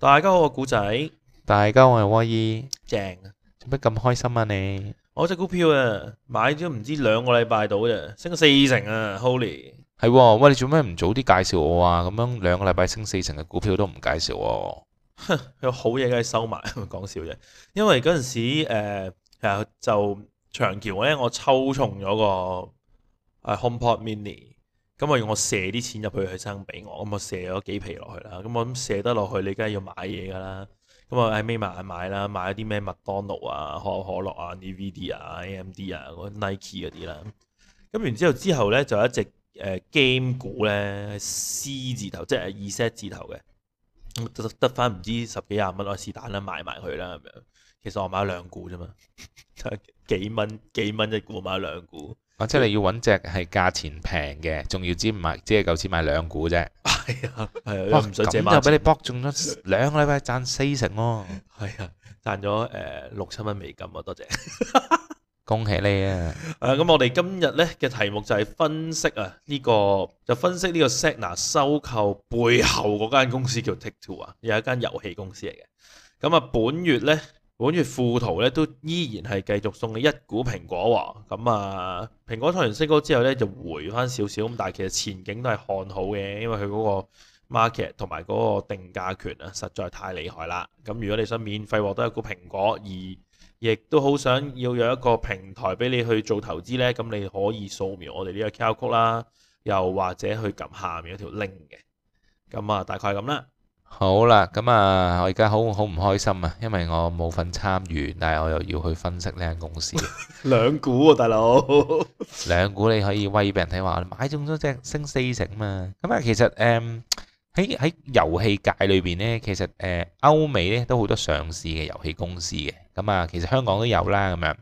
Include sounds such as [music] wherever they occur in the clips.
大家好，我古仔。大家好，我係威姨。正、啊，做乜咁開心啊你？我隻股票啊，買咗唔知兩個禮拜到啫，升四成啊，Holy！係、哦，喂，你做咩唔早啲介紹我啊？咁樣兩個禮拜升四成嘅股票都唔介紹我、啊。哼，有好嘢梗係收埋，講笑啫。因為嗰陣時，誒、呃、誒，就長橋咧，我抽中咗個誒、啊、HomePod Mini。咁我用我射啲錢入去，佢生俾我，咁我射咗幾皮落去啦。咁我咁射得落去，你梗係要買嘢㗎啦。咁我喺尾埋買啦，買一啲咩麥當勞啊、可口可樂啊、NVDA 啊、A.M.D. 啊、Nike 嗰啲啦。咁然之後之後咧就有一隻誒、呃、game 股咧 C 字頭，即係 Z 字頭嘅，得得翻唔知十幾廿蚊，我試彈啦，買埋佢啦咁樣。其實我買咗兩股啫嘛， [laughs] 幾蚊幾蚊一股，買咗兩股。即係你要揾隻係價錢平嘅，仲要知唔係，即係夠錢買兩股啫。係啊，係啊，哇！咁就俾你博中咗兩個禮拜賺四成咯。係啊，賺咗誒六七蚊美金啊，多謝。恭喜你啊！誒，咁我哋今日咧嘅題目就係分析啊呢個就分析呢個 Zynga 收購背後嗰間公司叫 Take Two 啊，有一間遊戲公司嚟嘅。咁啊，本月咧。本月富途咧都依然係繼續送你一股蘋果喎、喔，咁、嗯、啊蘋果創完新高之後咧就回翻少少，咁但係其實前景都係看好嘅，因為佢嗰個 market 同埋嗰個定價權啊實在太厲害啦。咁、嗯、如果你想免費獲得一股蘋果，而亦都好想要有一個平台俾你去做投資咧，咁你可以掃描我哋呢個 QR code 啦，又或者去撳下面嗰條 link 嘅。咁、嗯、啊、嗯，大概係咁啦。好啦，咁啊，我而家好好唔開心啊，因為我冇份參與，但係我又要去分析呢間公司。兩股喎，大佬。兩股你可以威畀人睇話，買中咗隻升四成嘛。咁啊，其實誒喺喺遊戲界裏邊咧，其實誒歐美咧都好多上市嘅遊戲公司嘅。咁啊，其實香港都有啦咁樣。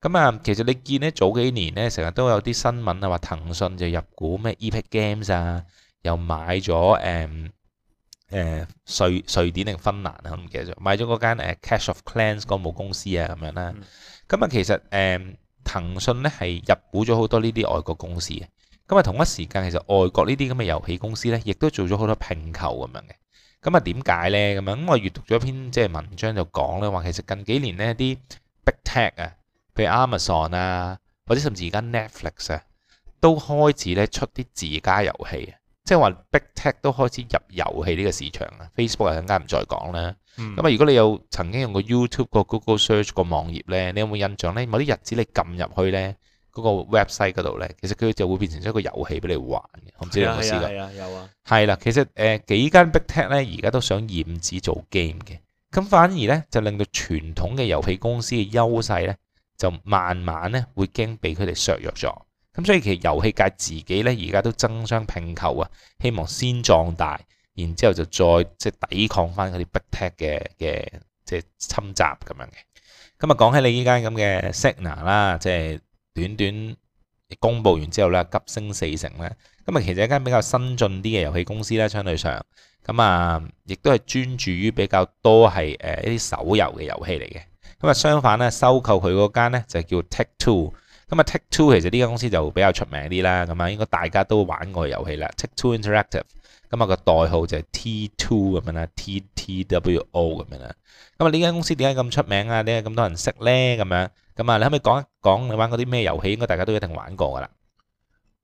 咁啊，其實你見咧早幾年咧成日都有啲新聞啊，話騰訊就入股咩 Epic Games 啊，又買咗誒。誒瑞瑞典定芬蘭啊，唔記得咗，買咗嗰間誒 Clash of Clans 個母公司啊，咁樣啦。咁啊，其實誒騰訊咧係入股咗好多呢啲外國公司嘅。咁啊，同一時間其實外國呢啲咁嘅遊戲公司咧，亦都做咗好多併購咁樣嘅。咁啊，點解咧？咁樣咁我閲讀咗一篇即係文章就講咧話，其實近幾年咧啲 Big Tech 啊，譬如 Amazon 啊，或者甚至而家 Netflix 啊，都開始咧出啲自家遊戲。即係話，big tech 都開始入遊戲呢個市場啦。Facebook 更加唔再講啦。咁啊，如果你有曾經用過 YouTube、個 Google Search、個網頁咧，你有冇印象咧？某啲日子你撳入去咧，嗰個 website 嗰度咧，其實佢就會變成咗一個遊戲俾你玩。我唔知你有冇試過。係啊係啊，有啊。係啦，其實誒，幾間 big tech 咧，而家都想染指做 game 嘅。咁反而咧，就令到傳統嘅遊戲公司嘅優勢咧，就慢慢咧會驚俾佢哋削弱咗。咁所以其實遊戲界自己咧，而家都爭相併購啊，希望先壯大，然之後就再即係抵抗翻嗰啲 Big Tech 嘅嘅即係侵襲咁樣嘅。咁啊講起你呢間咁嘅 Zynga 啦，即係短短公佈完之後咧，急升四成咧。咁啊其實一間比較新進啲嘅遊戲公司咧，相對上咁啊亦都係專注於比較多係一啲手遊嘅遊戲嚟嘅。咁啊相反咧，收購佢嗰間咧就叫 Take Two。咁啊，Take Two 其實呢間公司就比較出名啲啦，咁啊應該大家都玩過遊戲啦，Take Two Interactive，咁啊個代號就係 T Two 咁樣啦，T T W O 咁樣啦。咁啊呢間公司點解咁出名啊？點解咁多人識咧？咁樣，咁啊你可唔可以講一講你玩過啲咩遊戲？應該大家都一定玩過㗎啦。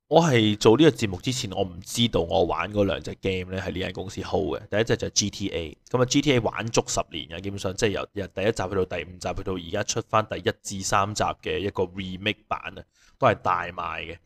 我係做呢個節目之前，我唔知道我玩過兩隻 game 咧係呢間公司好嘅。第一隻就係 GTA，咁啊 GTA 玩足十年啊，基本上即係由由第一集去到第五集，去到而家出翻第一至三集嘅一個 remake 版啊，都係大賣嘅。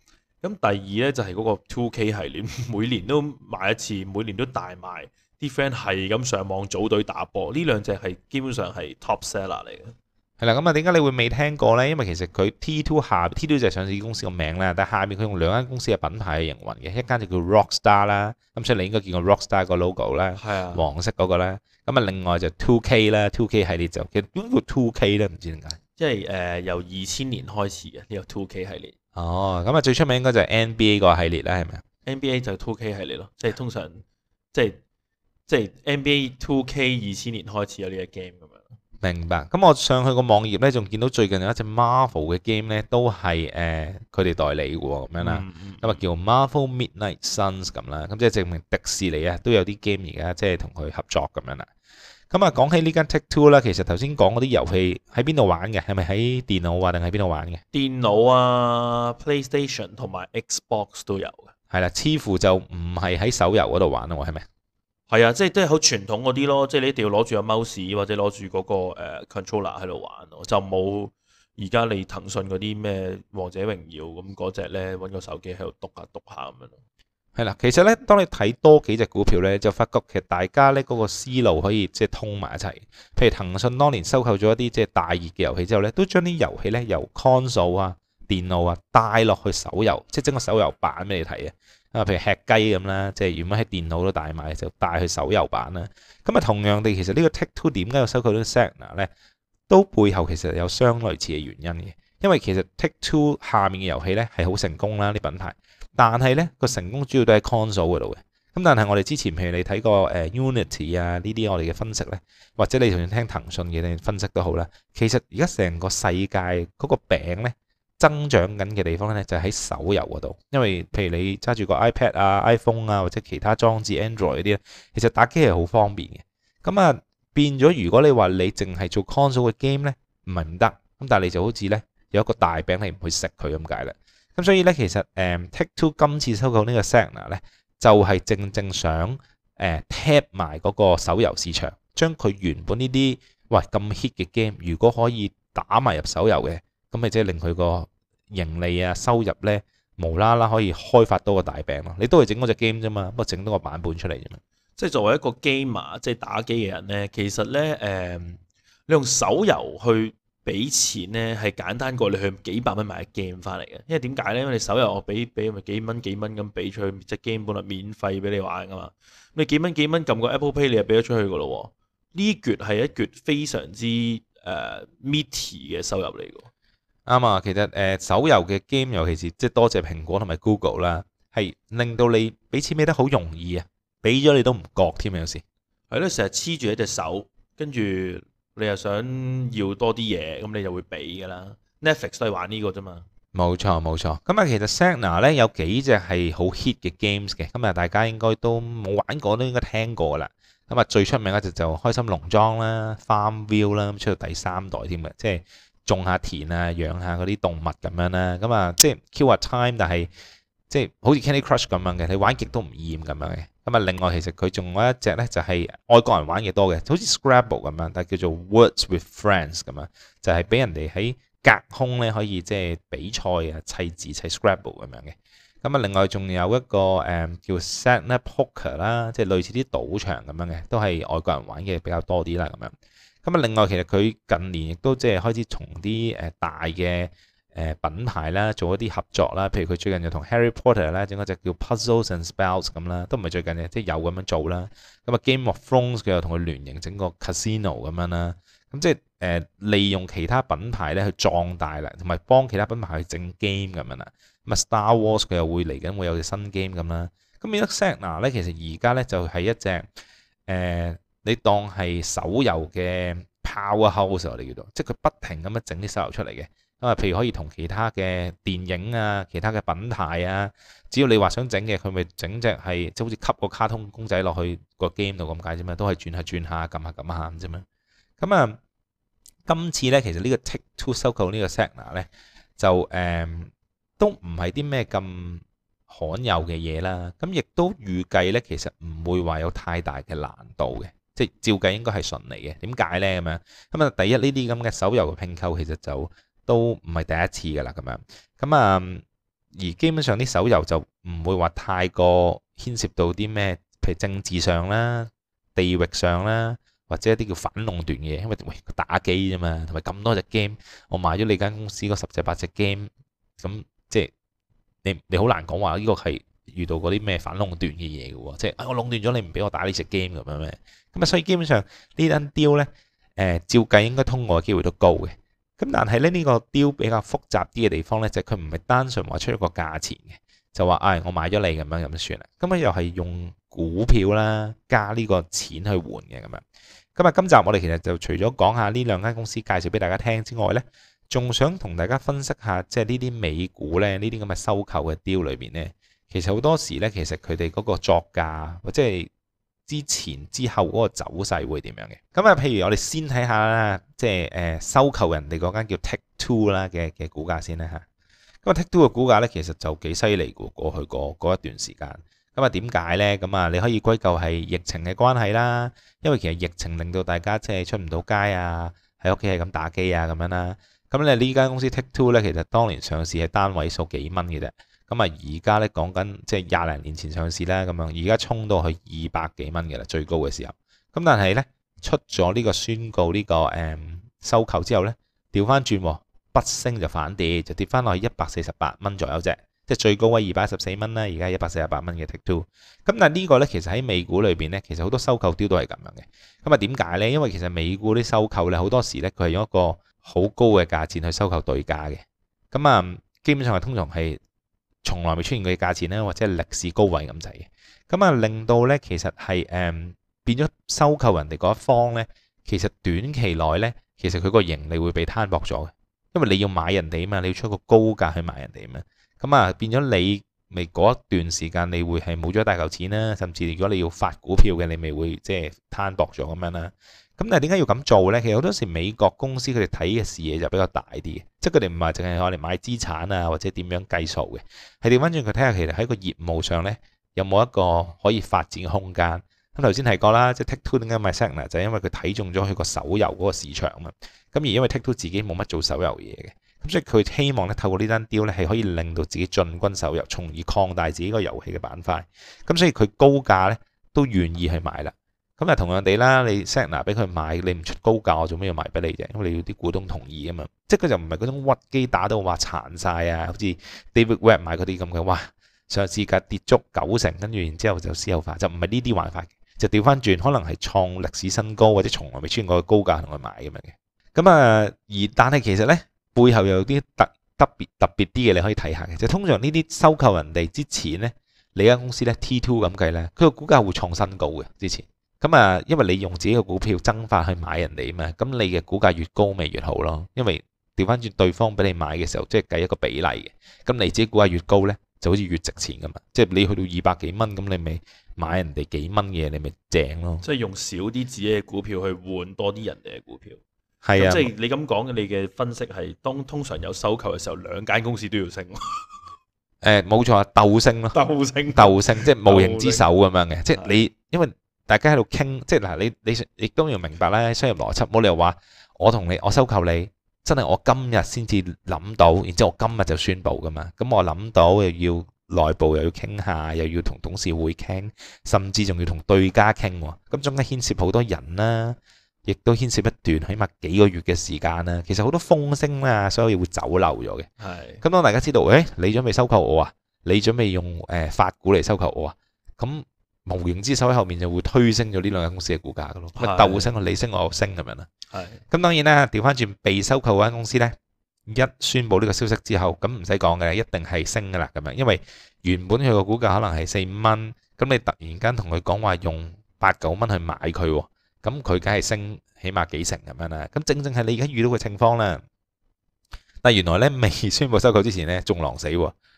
咁第二呢，就係嗰個 2K 系列，每年都買一次，每年都大賣，啲 friend 係咁上網組隊打波，呢兩隻係基本上係 top seller 嚟嘅。係啦，咁啊，點解你會未聽過咧？因為其實佢 T Two 下 T Two 就係上市公司個名啦，但係下面佢用兩間公司嘅品牌去營運嘅，一間就叫 Rockstar 啦，咁所以你應該見過 Rockstar 個 logo 啦，係啊，黃色嗰、那個啦。咁啊，另外就 Two K 啦，Two K 系列就叫點叫 Two K 咧，唔知點解。即係誒，由二千年開始嘅呢個 Two K 系列。哦，咁啊，最出名應該就係 NBA 個系列啦，係咪啊？NBA 就 Two K 系列咯、就是，即係通常即係即係 NBA Two K 二千年開始有呢個 game 咁樣。明白，咁我上去個網頁咧，仲見到最近有一隻 Marvel 嘅 game 咧，都係誒佢哋代理嘅喎，咁樣啦，咁啊叫 Marvel Midnight Suns 咁啦，咁即係證明迪士尼啊都有啲 game 而家即係同佢合作咁樣啦。咁啊講起呢間 Take 2啦，其實頭先講嗰啲遊戲喺邊度玩嘅，係咪喺電腦啊定喺邊度玩嘅？電腦啊，PlayStation 同埋 Xbox 都有嘅。係啦，似乎就唔係喺手遊嗰度玩喎，係咪？係啊，即係都係好傳統嗰啲咯，即係你一定要攞住個 mouse 或者攞住嗰個 controller 喺度玩咯，就冇而家你騰訊嗰啲咩《王者榮耀》咁嗰隻咧，揾個手機喺度篤下篤下咁樣咯。係啦，其實咧，當你睇多幾隻股票咧，就發覺其實大家咧嗰個思路可以即係通埋一齊。譬如騰訊當年收購咗一啲即係大熱嘅遊戲之後咧，都將啲遊戲咧由 console 啊。電腦啊，帶落去手遊，即係整個手遊版俾你睇啊！啊，譬如吃雞咁啦，即係原本喺電腦都大賣，就帶去手遊版啦。咁啊，同樣地，其實呢個 Take Two 點解要收購呢 Zynga 咧，都背後其實有相類似嘅原因嘅。因為其實 Take Two 下面嘅遊戲咧係好成功啦，啲品牌。但係咧個成功主要都喺 console 嗰度嘅。咁但係我哋之前譬如你睇過誒 Unity 啊呢啲我哋嘅分析咧，或者你就算聽騰訊嘅分析都好啦。其實而家成個世界嗰個餅咧～增長緊嘅地方咧，就喺手遊嗰度，因為譬如你揸住個 iPad 啊、iPhone 啊或者其他裝置 Android 啲咧，其實打機係好方便嘅。咁啊，變咗如果你話你淨係做 console 嘅 game 咧，唔係唔得，咁但係你就好似咧有一個大餅你唔去食佢咁解啦。咁所以咧，其實、嗯、Take Two 今次收購呢個 Zynga 咧，就係、誒、正正想 tap 埋嗰個手遊市場，將佢原本呢啲喂咁 hit 嘅 game，如果可以打埋入手遊嘅。咁咪即係令佢個盈利啊收入咧，無啦啦可以開發多個大餅咯。你都係整嗰隻 game 啫嘛，不過整多個版本出嚟啫嘛。即係作為一個 gamer 嘛，即係打機嘅人咧，其實咧誒、嗯，你用手遊去俾錢咧係簡單過你去幾百蚊買個 game 翻嚟嘅。因為點解咧？因為你手遊我俾俾咪幾蚊幾蚊咁俾出去隻 game 本嚟，免費俾你玩噶嘛。你幾蚊幾蚊撳個 Apple Pay 你就俾咗出去㗎咯。呢撅係一撅非常之誒 mitty 嘅收入嚟㗎。啱啊，其實誒手遊嘅 game，尤其是即係多謝蘋果同埋 Google 啦，係令到你俾錢俾得好容易啊，俾咗你都唔覺添啊有時。係咯，成日黐住一隻手，跟住你又想要多啲嘢，咁你就會俾噶啦。Netflix 都係玩呢個啫嘛。冇錯冇錯，咁啊其實 Zynga 咧有幾隻係好 hit 嘅 games 嘅，今日大家應該都冇玩過都應該聽過啦。咁啊最出名嗰隻就開心農莊啦，Farmville 啦，出到第三代添嘅，即係。種下田啊，養下嗰啲動物咁樣啦，咁啊即係 kill time，但係即係好似 Candy Crush 咁樣嘅，你玩極都唔厭咁樣嘅。咁啊，另外其實佢仲有一隻咧，就係、是、外國人玩嘅多嘅，就好似 Scrabble 咁樣，但係叫做 Words with Friends 咁樣，就係、是、俾人哋喺隔空咧可以即係比賽啊，砌字砌 Scrabble 咁樣嘅。咁啊，另外仲有一個誒、嗯、叫 Set n e p Poker Zynga Poker 啦，即係類似啲賭場咁樣嘅，都係外國人玩嘅比較多啲啦咁樣。咁啊，另外其實佢近年亦都即係開始同啲誒大嘅誒品牌啦、就是，做一啲合作啦。譬如佢最近就同 Harry Potter 啦，整個隻叫 Puzzles and Spells 咁啦，都唔係最近嘅，即係有咁樣做啦。咁啊，Game of Thrones 佢又同佢聯營整個 Casino 咁樣啦。咁即係誒利用其他品牌咧去壯大啦，同埋幫其他品牌去整 game 咁樣啦。咁啊，Star Wars 佢又會嚟緊會有隻新 game 咁啦。咁 e s e x a 嗱咧，其實而家咧就係一隻誒。呃你當係手遊嘅 powerhouse 我你叫做即係佢不停咁樣整啲手遊出嚟嘅咁啊。譬如可以同其他嘅電影啊、其他嘅品牌啊，只要你話想整嘅，佢咪整隻係即係好似吸個卡通公仔落去個 game 度咁解啫嘛，都係轉下轉下，撳下撳下咁啫嘛。咁啊，今次咧其實呢個 take two 收購呢個 scenario 呢，咧就誒、呃、都唔係啲咩咁罕有嘅嘢啦。咁亦都預計咧其實唔會話有太大嘅難度嘅。即照計應該係順利嘅，點解咧咁樣？咁啊，第一呢啲咁嘅手遊嘅併購其實就都唔係第一次㗎啦，咁樣。咁啊，而基本上啲手遊就唔會話太過牽涉到啲咩，譬如政治上啦、地域上啦，或者一啲叫反壟斷嘅嘢，因為喂打機啫嘛，同埋咁多隻 game，我買咗你間公司嗰十隻八隻 game，咁即係你你好難講話呢個係。遇到嗰啲咩反壟斷嘅嘢嘅喎，即係，唉，我壟斷咗你唔俾我打呢隻 game 咁樣咩？咁啊，所以基本上呢單 deal 咧，誒、呃，照計應該通過嘅機會都高嘅。咁但係咧，呢、這個 deal 比較複雜啲嘅地方咧，就係佢唔係單純話出一個價錢嘅，就話，唉、哎，我買咗你咁樣咁算啦。咁啊，又係用股票啦加呢個錢去換嘅咁樣。咁啊，今集我哋其實就除咗講下呢兩間公司介紹俾大家聽之外咧，仲想同大家分析下即係呢啲美股咧呢啲咁嘅收購嘅 deal 裏邊咧。其實好多時咧，其實佢哋嗰個作價，或者係之前之後嗰個走勢會點樣嘅？咁啊，譬如我哋先睇下啦，即係呃、收購人哋嗰間叫 Take-Two 啦嘅嘅股價先啦吓，咁啊，Take-Two 嘅股價咧，其實就幾犀利嘅過去嗰嗰一段時間。咁啊，點解咧？咁啊，你可以歸咎係疫情嘅關係啦。因為其實疫情令到大家即係出唔到街啊，喺屋企係咁打機啊咁樣啦。咁咧呢間公司 Take-Two 咧，其實當年上市係單位數幾蚊嘅啫。咁啊，而家咧，講緊即係廿零年前上市啦。咁樣而家衝到去二百幾蚊嘅啦，最高嘅時候。咁但係咧，出咗呢個宣告呢、這個誒、嗯、收購之後咧，調翻轉不升就反跌，就跌翻落去一百四十八蚊左右啫。即係最高位二百一十四蚊啦，而家一百四十八蚊嘅 Take Two。咁但係呢個咧，其實喺美股裏邊咧，其實好多收購丟都係咁樣嘅。咁啊，點解咧？因為其實美股啲收購咧，好多時咧，佢係用一個好高嘅價錢去收購對價嘅。咁啊，基本上係通常係。從來未出現過嘅價錢咧，或者歷史高位咁滯嘅，咁啊令到咧，其實係誒、呃、變咗收購人哋嗰一方咧，其實短期內咧，其實佢個盈利會被攤薄咗嘅，因為你要買人哋啊嘛，你要出個高價去買人哋啊嘛，咁啊變咗你咪嗰一段時間，你會係冇咗大嚿錢啦，甚至如果你要發股票嘅，你咪會即係攤薄咗咁樣啦。咁但係點解要咁做咧？其實好多時美國公司佢哋睇嘅視野就比較大啲嘅，即係佢哋唔係淨係攞嚟買資產啊，或者點樣計數嘅，係調翻轉佢睇下其實喺個業務上咧有冇一個可以發展嘅空間。咁頭先提過啦，即係 Take2 點解買 Zynga 就係因為佢睇中咗佢個手遊嗰個市場啊嘛。咁而因為 Take2 自己冇乜做手遊嘢嘅，咁所以佢希望咧透過呢單 deal 咧係可以令到自己進軍手遊，從而擴大自己個遊戲嘅板塊。咁所以佢高價咧都願意去買啦。咁又同樣地啦。你 set 拿俾佢買，你唔出高價，我做咩要賣俾你啫？因為你要啲股東同意啊嘛。即係佢就唔係嗰種屈機打到話殘晒啊，好似 David Webb 買嗰啲咁嘅哇。上市價跌足九成，跟住然之後就私有化，就唔係呢啲玩法，就調翻轉，可能係創歷史新高或者從來未穿過嘅高價同佢買咁嘅。咁啊，而但係其實咧，背後又有啲特特別特別啲嘅，你可以睇下嘅。就是、通常呢啲收購人哋之前咧，你間公司咧 t two 咁計咧，佢個股價會創新高嘅之前。咁啊，因為你用自己嘅股票增發去買人哋啊嘛，咁你嘅股價越高咪越好咯。因為掉返轉對方俾你買嘅時候，即係計一個比例嘅。咁你自己股價越高呢，就好似越值錢咁嘛。即係你去到二百幾蚊，咁你咪買人哋幾蚊嘢，你咪正咯。即係用少啲自己嘅股票去換多啲人哋嘅股票，係啊。即係你咁講嘅，你嘅分析係當通常有收購嘅時候，兩間公司都要升。誒，冇錯啊，鬥升咯，鬥升，鬥升，即係無形之手咁樣嘅。即係你，因為。大家喺度傾，即係嗱，你你亦都要明白啦。商業邏輯冇理由話我同你，我收購你，真係我今日先至諗到，然之後我今日就宣佈噶嘛？咁我諗到又要內部又要傾下，又要同董事會傾，甚至仲要同對家傾喎。咁中間牽涉好多人啦，亦都牽涉一段起碼幾個月嘅時間啦。其實好多風聲啦，所以會走漏咗嘅。係咁，當大家知道，誒、哎，你準備收購我啊？你準備用法股嚟收購我啊？咁。無形之手喺後面就會推升咗呢兩間公司嘅股價噶咯，咁咪鬥升啊，你升我升咁樣啦。係，咁當然咧，調返轉被收購嗰間公司咧，一宣布呢個消息之後，咁唔使講嘅，一定係升噶啦，咁樣，因為原本佢個股價可能係四五蚊，咁你突然間同佢講話用八九蚊去買佢，咁佢梗係升，起碼幾成咁樣啦。咁正正係你而家遇到嘅情況咧，但係原來咧，未宣布收購之前咧，仲狼死。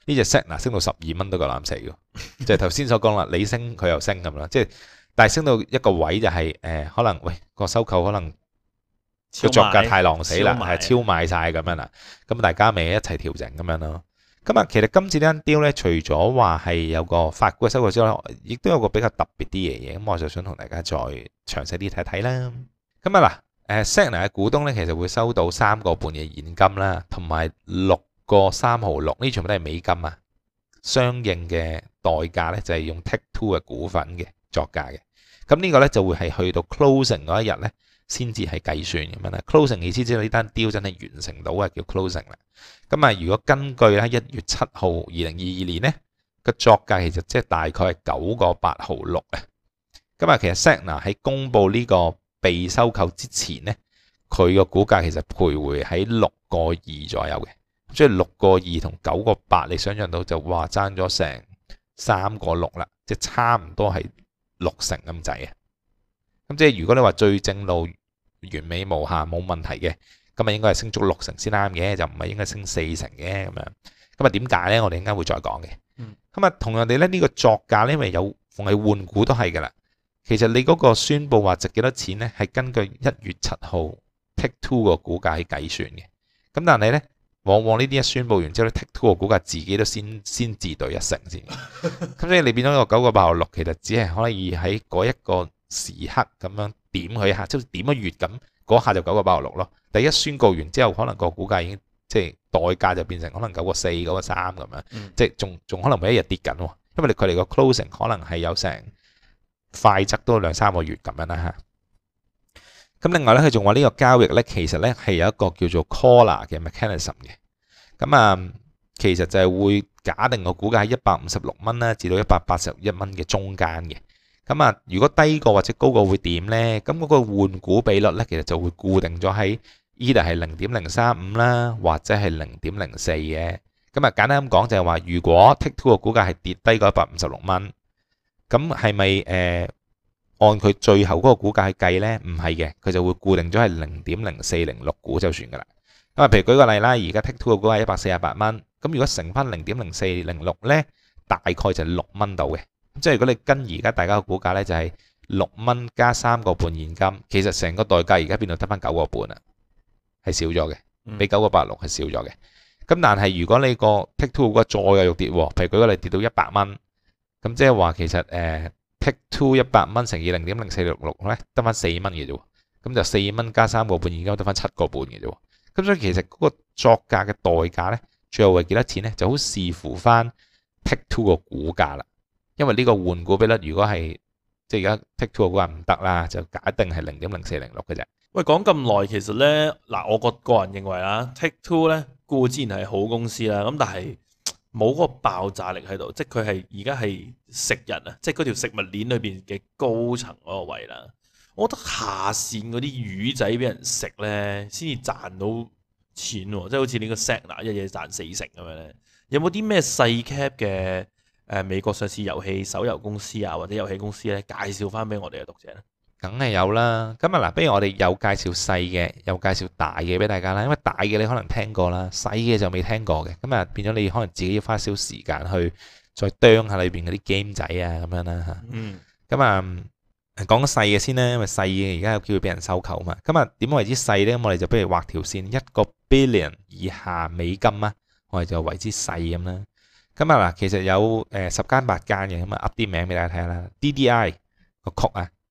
呢隻 Zynga 升到十二蚊都夠攬死嘅，就係頭先所講啦，你升佢又升咁啦，即、就、係、是、但係升到一個位就係、是呃、可能喂個收購可能個作價太狼死啦，係超賣晒咁樣啦，咁大家咪一齊調整咁樣咯。咁啊，其實今次呢間 deal 咧，除咗話係有個法規收購之外，亦都有個比較特別啲嘢嘢，咁我就想同大家再詳細啲睇睇啦。咁啊嗱，Zynga 嘅股東咧，其實會收到三個半嘅現金啦，同埋六。個三毫六，呢全部都係美金啊！相應嘅代價咧就係用 Take Two 嘅股份嘅作價嘅。咁呢個咧就會係去到 closing 嗰一日咧先至係計算咁樣啦。Closing 意思知道呢單 deal 真係完成到啊，叫 closing 啦。咁啊，如果根據咧一月七號二零二二年咧個作價，其實即係大概係九個八毫六啊。咁啊，其實 Zynga 喺公佈呢個被收購之前咧，佢個股價其實徘徊喺六個二左右嘅。即係六個二同九個八，你想象到就話爭咗成三個六啦，即係差唔多係六成咁滯啊！咁即係如果你話最正路完美無限冇問題嘅，咁啊應該係升足六成先啱嘅，就唔係應該升四成嘅咁樣。咁啊點解咧？我哋應該會再講嘅。咁、嗯、啊，同樣哋咧呢、這個作價咧，因為有逢係換股都係㗎啦。其實你嗰個宣佈話值幾多錢咧，係根據一月七號 Take Two 個股價去計算嘅。咁但係咧。往往呢啲一宣布完之後咧，TikTok 嘅股價自己都先先自對一成先，咁所以你變咗個九個八毫六，其實只係可以喺嗰一個時刻咁樣點佢一下，即係點一月咁，嗰下就九個八毫六咯。第一宣告完之後，可能個股價已經即係代價就變成可能九個四、九個三咁樣，嗯、即係仲仲可能每一日跌緊，因為你佢哋個 closing 可能係有成快則多兩三個月咁樣啦吓。咁另外咧，佢仲話呢個交易咧，其實咧係有一個叫做 collar 嘅 mechanism 嘅。咁啊，其實就係會假定個股價喺一百五十六蚊啦，至到一百八十一蚊嘅中間嘅。咁啊，如果低過或者高過會點咧？咁嗰個換股比率咧，其實就會固定咗喺呢度係零點零三五啦，或者係零點零四嘅。咁啊，簡單咁講就係話，如果 Take2 嘅股價係跌低過一百五十六蚊，咁係咪誒？按佢最後嗰個股價去計咧，唔係嘅，佢就會固定咗係零點零四零六股就算噶啦。咁啊，譬如舉個例啦，而家 Take Two 嘅股價一百四十八蚊，咁如果乘翻零點零四零六咧，大概就係六蚊到嘅。即係如果你跟而家大家個股價咧，就係六蚊加三個半現金，其實成個代價而家變到得翻九個半啊，係少咗嘅，比九個八六係少咗嘅。咁但係如果你個 Take Two 股再又跌喎，譬如舉個例跌到一百蚊，咁即係話其實誒。Take Two 一百蚊乘以零點零四六六咧，得翻四蚊嘅啫，咁就四蚊加三個半，而家得翻七個半嘅啫。咁所以其實嗰個作價嘅代價咧，最後係幾多錢咧，就好視乎翻 Take Two 個股價啦。因為呢個換股比率如果係即係而家 Take Two 個股唔得啦，就假定係零點零四零六嘅啫。喂，講咁耐，其實咧嗱，我個個人認為啊 Take Two 咧固之然係好公司啦，咁但係，冇嗰個爆炸力喺度，即係佢係而家係食人啊！即係嗰條食物鏈裏面嘅高層嗰個位啦。我覺得下線嗰啲魚仔俾人食咧，先至賺到錢喎。即係好似你個 Snap 一嘢賺四成咁樣咧。有冇啲咩細 cap 嘅美國上市遊戲手遊公司啊，或者遊戲公司咧，介紹翻俾我哋嘅讀者咧？梗係有啦，咁啊嗱，不如我哋有介紹細嘅，有介紹大嘅俾大家啦。因為大嘅你可能聽過啦，細嘅就未聽過嘅，咁啊變咗你可能自己要花少少時間去再啄下裏邊嗰啲 game 仔啊，咁樣啦嚇。嗯，咁啊講細嘅先咧，因為細嘅而家有機會俾人收購啊嘛。咁啊點為之細咧？咁我哋就不如畫條線，一個 billion 以下美金啊，我哋就為之細咁啦。咁啊嗱，其實有誒十間八間嘅，咁啊噏啲名俾大家睇啦，DDI 個曲啊。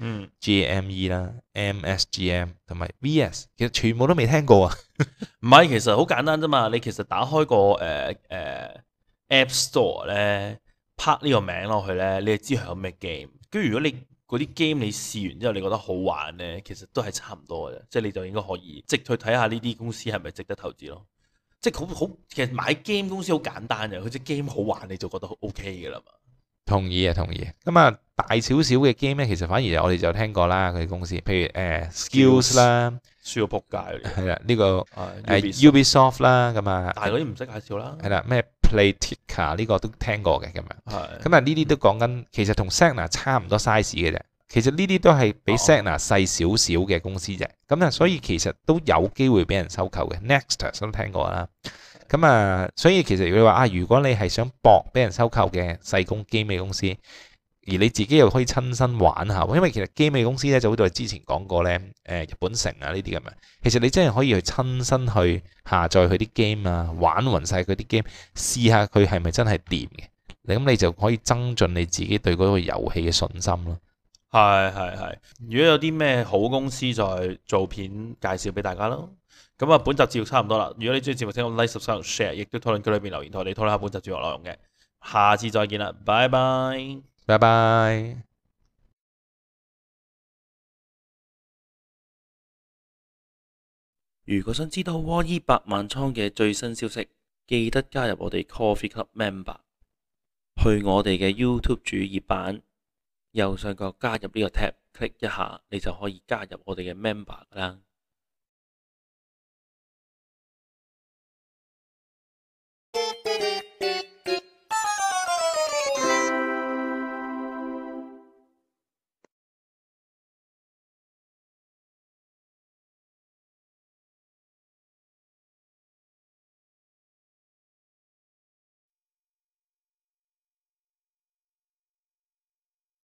嗯，G M E 啦，M S G M 同埋 V S，其實全部都未聽過啊。唔係，其實好簡單啫嘛。你其實打開個誒誒、呃啊、App Store 咧，拍呢個名落去咧，你就知佢有咩 game。跟住如果你嗰啲 game 你試完之後你覺得好玩咧，其實都係差唔多嘅啫。即、就、係、是、你就應該可以直去睇下呢啲公司係咪值得投資咯。即係好好，其實買 game 公司好簡單嘅，佢隻 game 好玩你就覺得 O K 嘅啦嘛。同意啊，同意。咁啊，大少少嘅 game 咧，其實反而我哋就聽過啦，佢哋公司，譬如誒 Skills 啦，輸到仆街，係啦，呢個誒 Ubisoft 啦，咁啊，大啲唔識介紹啦，係啦，咩 Playtika 呢個都聽過嘅，咁樣，咁啊呢啲都講緊，其實同 Zynga 差唔多 size 嘅啫，其實呢啲都係比 Zynga 細少少嘅公司啫，咁啊，所以其實都有機會俾人收購嘅，Next 都聽過啦。咁啊，所以其實你話啊，如果你係想搏俾人收購嘅細公司 game 公司，而你自己又可以親身玩下，因為其實 game 公司咧就好似我之前講過咧、呃，日本城啊呢啲咁樣，其實你真係可以去親身去下載佢啲 game 啊，玩勻晒佢啲 game，試下佢係咪真係掂嘅，咁你就可以增進你自己對嗰個遊戲嘅信心咯。係係係，如果有啲咩好公司再做片介紹俾大家咯。咁啊，本集節目差唔多啦。如果你中意節目，請我 like、subscribe、share，亦都討論區裏面留言同我哋討論下本集節目內容嘅。下次再見啦，拜拜，拜拜。如果想知道窩依百萬倉嘅最新消息，記得加入我哋 Coffee Club Member。去我哋嘅 YouTube 主頁版右上角加入呢個 tap，click 一下，你就可以加入我哋嘅 Member 噶啦。